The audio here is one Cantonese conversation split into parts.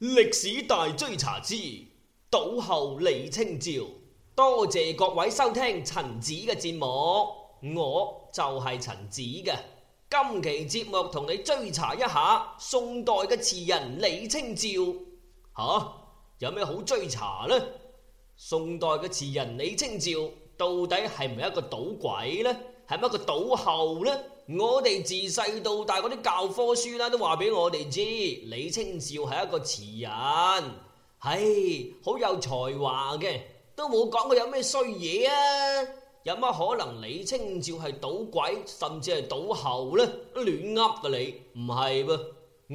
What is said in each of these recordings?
歷史大追查之賭后李清照，多謝各位收聽陳子嘅節目，我就係陳子嘅。今期節目同你追查一下宋代嘅詞人李清照，吓、啊、有咩好追查呢？宋代嘅詞人李清照到底係唔係一個賭鬼呢？係咪一個賭后呢？我哋自細到大嗰啲教科書啦，都話俾我哋知，李清照係一個詞人，唉，好有才華嘅，都冇講過有咩衰嘢啊！有乜可能李清照係賭鬼，甚至係賭猴咧？亂噏噶你，唔係噃？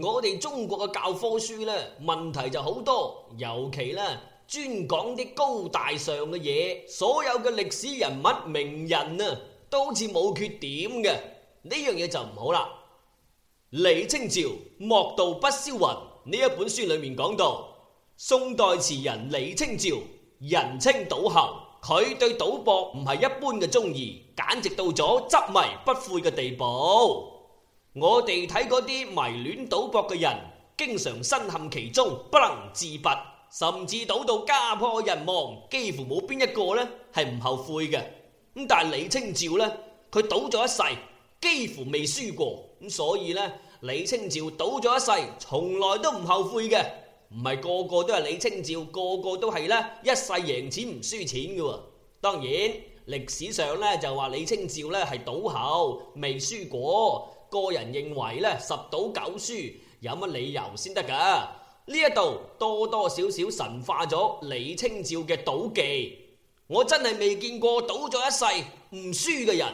我哋中國嘅教科書呢，問題就好多，尤其呢，專講啲高大上嘅嘢，所有嘅歷史人物名人啊，都好似冇缺點嘅。呢樣嘢就唔好啦。李清照莫道不消魂呢一本書裏面講到，宋代詞人李清照人稱賭后，佢對賭博唔係一般嘅中意，簡直到咗執迷不悔嘅地步。我哋睇嗰啲迷戀賭博嘅人，經常身陷其中，不能自拔，甚至賭到家破人亡，幾乎冇邊一個呢係唔後悔嘅。咁但係李清照呢，佢賭咗一世。幾乎未輸過，咁所以呢，李清照賭咗一世，從來都唔後悔嘅。唔係個個都係李清照，個個都係呢一世贏錢唔輸錢嘅。當然，歷史上呢就話李清照呢係賭后未輸過。個人認為呢，十賭九輸，有乜理由先得㗎？呢一度多多少少神化咗李清照嘅賭技。我真係未見過賭咗一世唔輸嘅人。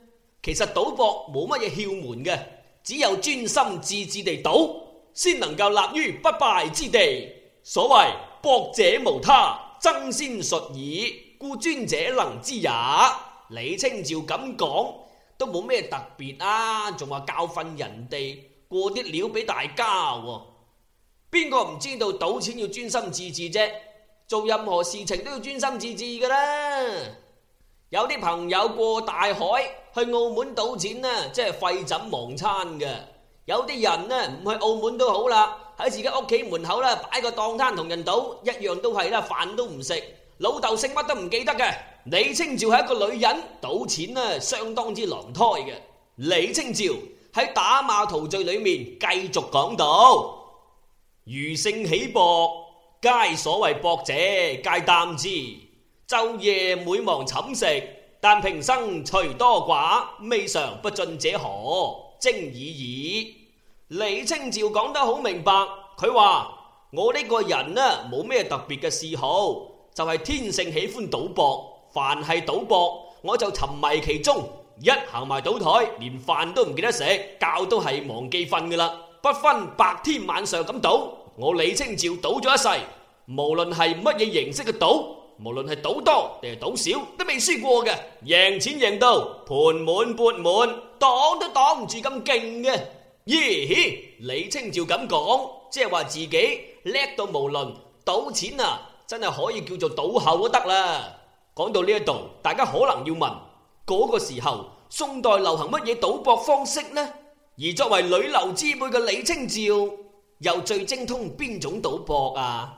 其實賭博冇乜嘢竅門嘅，只有專心致志地賭，先能夠立於不敗之地。所謂博者無他，爭先術耳，故專者能之也。李清照咁講都冇咩特別啊，仲話教訓人哋過啲料俾大家喎啊。邊個唔知道賭錢要專心致志啫？做任何事情都要專心致志噶啦。有啲朋友過大海去澳門賭錢咧，即係廢寢忘餐嘅；有啲人咧唔去澳門都好啦，喺自己屋企門口啦擺個檔攤同人賭，一樣都係啦，飯都唔食，老豆姓乜都唔記得嘅。李清照係一個女人賭錢咧，相當之狼胎嘅。李清照喺打馬圖序裏面繼續講道：「余性起博，皆所謂博者皆，皆擔之。晝夜每忘寢食，但平生隨多寡，未嘗不進者何？精已矣。李清照講得好明白，佢話我呢個人呢，冇咩特別嘅嗜好，就係天性喜歡賭博。凡係賭博，我就沉迷其中。一行埋賭台，連飯都唔記得食，覺都係忘記瞓㗎喇。不分白天晚上咁賭，我李清照賭咗一世，無論係乜嘢形式嘅賭。無論係賭多定係賭少，都未輸過嘅，贏錢贏到盤滿缽滿，擋都擋唔住咁勁嘅。咦？李清照咁講，即係話自己叻到無論賭錢啊，真係可以叫做賭後都得啦。講到呢一度，大家可能要問，嗰個時候宋代流行乜嘢賭博方式呢？而作為女流之輩嘅李清照，又最精通邊種賭博啊？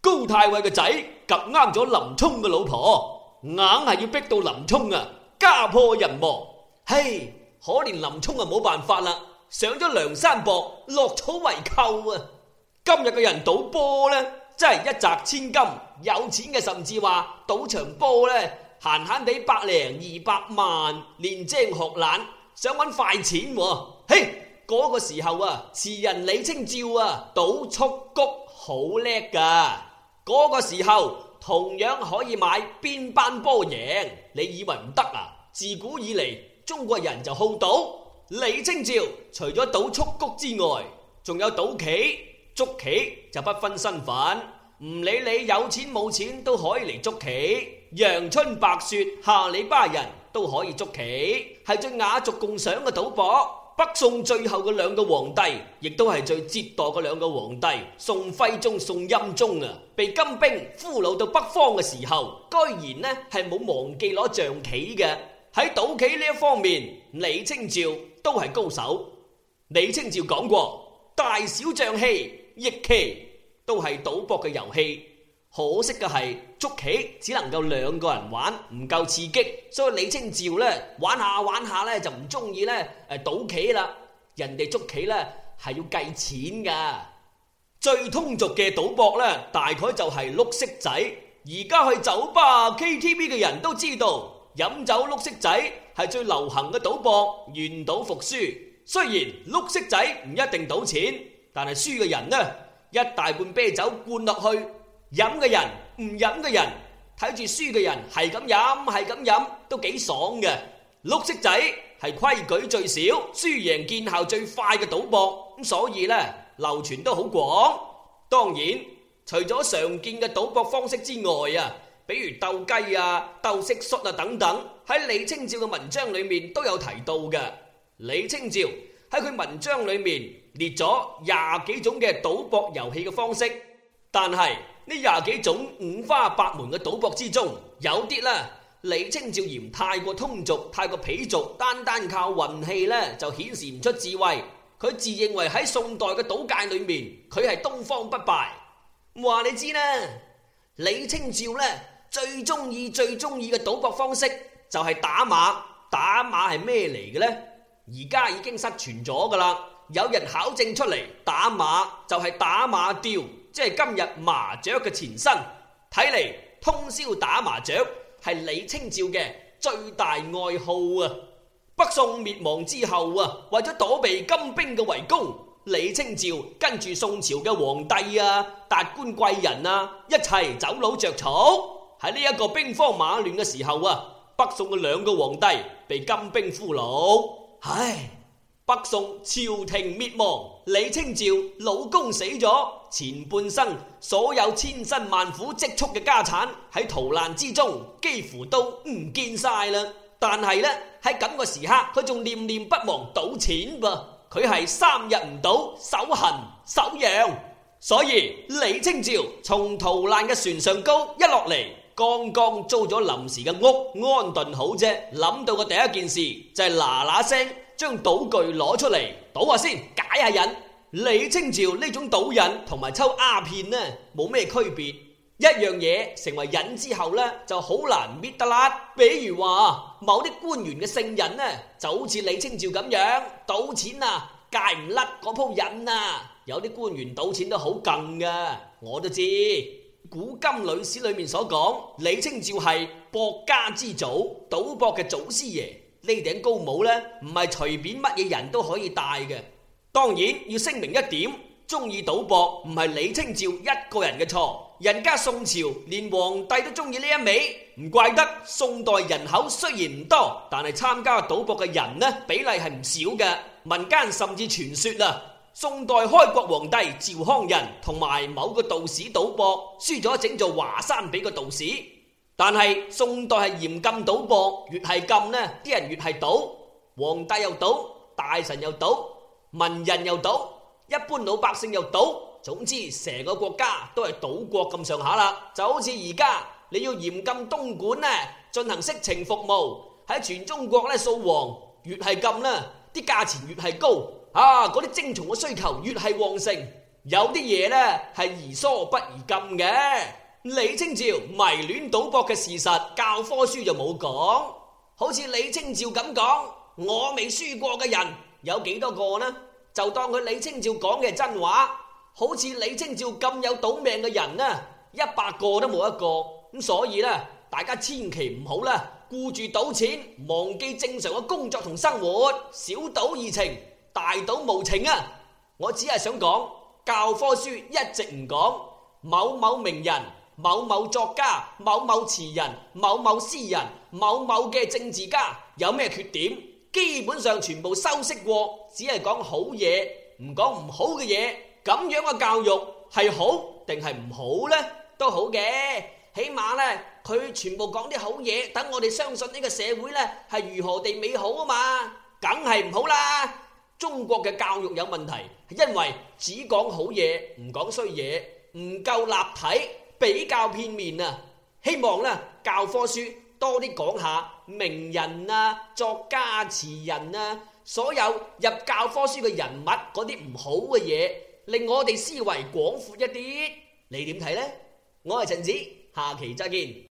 高太尉嘅仔及啱咗林沖嘅老婆，硬係要逼到林沖啊，家破人亡。嘿，可憐林沖啊，冇辦法啦，上咗梁山泊，落草為寇啊。今日嘅人賭波呢，真係一擲千金，有錢嘅甚至話賭場波呢，閒閒地百零二百萬，練精學懶，想揾快錢。嘿，嗰個時候啊，詞人李清照啊，賭速谷好叻㗎。嗰個時候同樣可以買邊班波贏，你以為唔得啊？自古以來中國人就好賭，李清照除咗賭蹴鞠之外，仲有賭棋，捉棋就不分身份，唔理你有錢冇錢都可以嚟捉棋，陽春白雪、下里巴人都可以捉棋，係最雅俗共賞嘅賭博。北宋最後嘅兩個皇帝，亦都係最折墮嘅兩個皇帝。宋徽宗、宋欽宗啊，被金兵俘虜到北方嘅時候，居然呢係冇忘記攞象棋嘅。喺賭棋呢一方面，李清照都係高手。李清照講過：大小象戲、弈棋都係賭博嘅遊戲。可惜嘅係，捉棋只能夠兩個人玩，唔夠刺激，所以李清照呢，玩下玩下呢，就唔中意呢誒賭棋啦。人哋捉棋呢，係要計錢噶，最通俗嘅賭博呢，大概就係碌色仔。而家去酒吧、KTV 嘅人都知道，飲酒碌色仔係最流行嘅賭博，願賭服輸。雖然碌色仔唔一定賭錢，但係輸嘅人呢，一大罐啤酒灌落去。飲嘅人，唔飲嘅人，睇住輸嘅人係咁飲，係咁飲都幾爽嘅。綠色仔係規矩最少、輸贏見效最快嘅賭博，咁所以呢流傳都好廣。當然，除咗常見嘅賭博方式之外啊，比如鬥雞啊、鬥蟋蟀啊等等，喺李清照嘅文章裏面都有提到嘅。李清照喺佢文章裏面列咗廿幾種嘅賭博遊戲嘅方式，但係。呢廿幾種五花八門嘅賭博之中，有啲呢，李清照嫌太過通俗，太過鄙俗，單單靠運氣呢就顯示唔出智慧。佢自認為喺宋代嘅賭界裏面，佢係東方不敗。話你知呢，李清照呢最中意最中意嘅賭博方式就係打馬。打馬係咩嚟嘅呢？而家已經失傳咗噶啦。有人考證出嚟，打馬就係打馬吊。即係今日麻雀嘅前身，睇嚟通宵打麻雀係李清照嘅最大愛好啊！北宋滅亡之後啊，為咗躲避金兵嘅圍攻，李清照跟住宋朝嘅皇帝啊、達官貴人啊一齊走佬着草。喺呢一個兵荒馬亂嘅時候啊，北宋嘅兩個皇帝被金兵俘虜，唉。北宋朝廷滅亡，李清照老公死咗，前半生所有千辛萬苦積蓄嘅家產喺逃難之中幾乎都唔見晒啦。但係呢，喺咁個時刻，佢仲念念不忘賭錢噃。佢係三日唔到手痕手癢，所以李清照從逃難嘅船上高一落嚟，剛剛租咗臨時嘅屋安頓好啫，諗到嘅第一件事就係嗱嗱聲。將賭具攞出嚟賭下先，解下癮。李清照呢種賭癮同埋抽鴉片呢，冇咩區別。一樣嘢成為癮之後呢，就好難搣得甩。比如話某啲官員嘅性癮呢，就好似李清照咁樣賭錢啊，戒唔甩嗰鋪癮啊。有啲官員賭錢都好勁噶，我都知。古今女史裏面所講，李清照係博家之祖，賭博嘅祖師爺。呢頂高帽呢，唔係隨便乜嘢人都可以戴嘅。當然要聲明一點，中意賭博唔係李清照一個人嘅錯。人家宋朝連皇帝都中意呢一味，唔怪得宋代人口雖然唔多，但係參加賭博嘅人呢，比例係唔少嘅。民間甚至傳說呀，宋代開國皇帝趙匡胤同埋某個道士賭博，輸咗整座華山俾個道士。但係宋代係嚴禁賭博，越係禁呢，啲人越係賭，皇帝又賭，大臣又賭，文人又賭，一般老百姓又賭，總之成個國家都係賭國咁上下啦。就好似而家你要嚴禁東莞呢，進行色情服務，喺全中國呢，掃黃，越係禁呢，啲價錢越係高，啊，嗰啲精蟲嘅需求越係旺盛，有啲嘢呢係宜疏不宜禁嘅。李清照迷戀賭博嘅事實，教科書就冇講。好似李清照咁講，我未輸過嘅人有幾多個呢？就當佢李清照講嘅真話。好似李清照咁有賭命嘅人呢，一百個都冇一個。咁所以呢，大家千祈唔好啦，顧住賭錢，忘記正常嘅工作同生活。小賭怡情，大賭無情啊！我只係想講，教科書一直唔講某某名人、某某作家、某某詞人、某某詩人、某某嘅政治家有咩缺點？基本上全部修飾過，只係講好嘢，唔講唔好嘅嘢。咁樣嘅教育係好定係唔好呢？都好嘅，起碼咧佢全部講啲好嘢，等我哋相信呢個社會咧係如何地美好啊嘛，梗係唔好啦。中國嘅教育有問題，因為只講好嘢，唔講衰嘢，唔夠立體。比較片面啊！希望咧教科書多啲講下名人啊、作家、詞人啊，所有入教科書嘅人物嗰啲唔好嘅嘢，令我哋思維廣闊一啲。你點睇呢？我係陳子，下期再見。